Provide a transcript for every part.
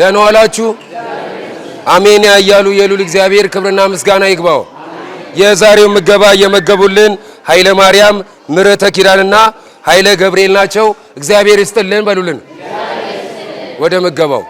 ደህና ዋላችሁ። አሜን ያያሉ የሉል እግዚአብሔር ክብርና ምስጋና ይግባው። የዛሬው ምገባ እየመገቡልን ኃይለ ማርያም፣ ምረተ ኪዳንና ኃይለ ገብርኤል ናቸው። እግዚአብሔር ይስጥልን በሉልን። ወደ ምገባው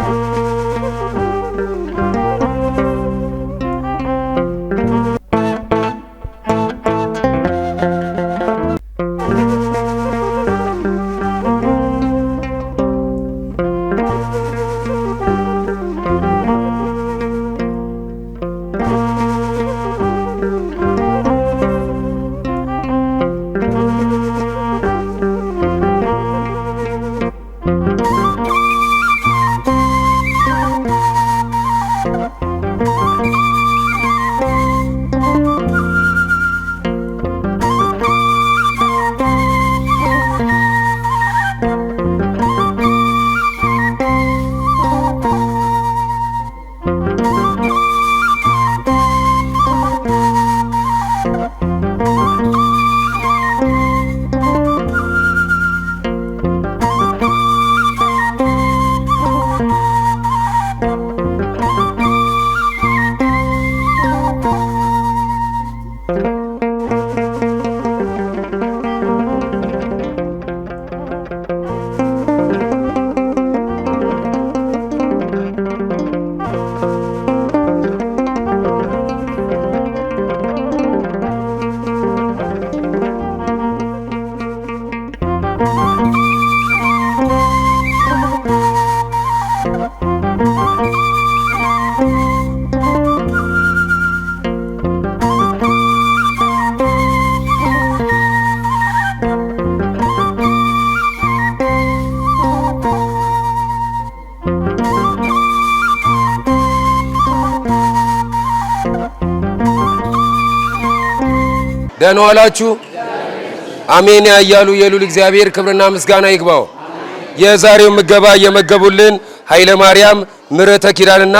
Thank you. ደህና ዋላችሁ። አሜን ያያሉ የሉል እግዚአብሔር ክብርና ምስጋና ይግባው። የዛሬው ምገባ እየመገቡልን ኃይለ ማርያም፣ ምረተ ኪዳንና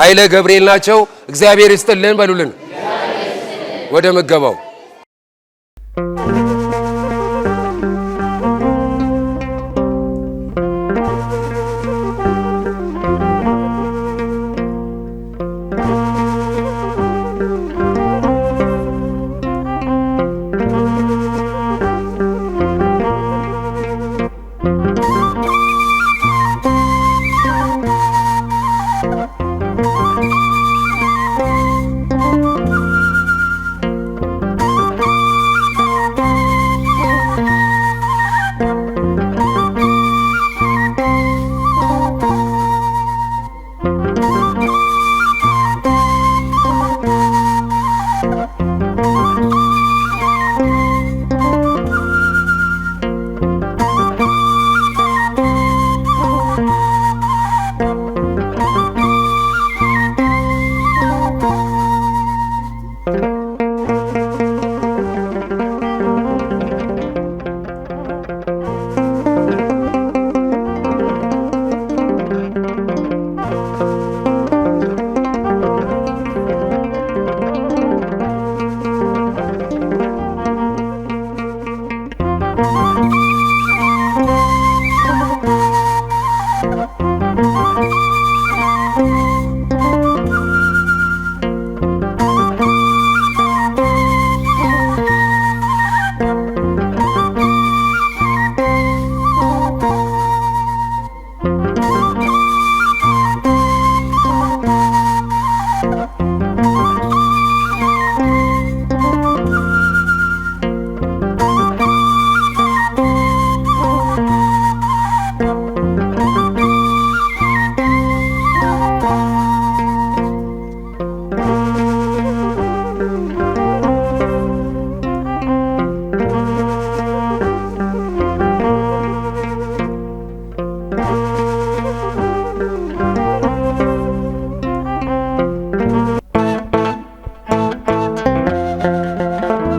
ኃይለ ገብርኤል ናቸው። እግዚአብሔር ይስጥልን በሉልን። ወደ ምገባው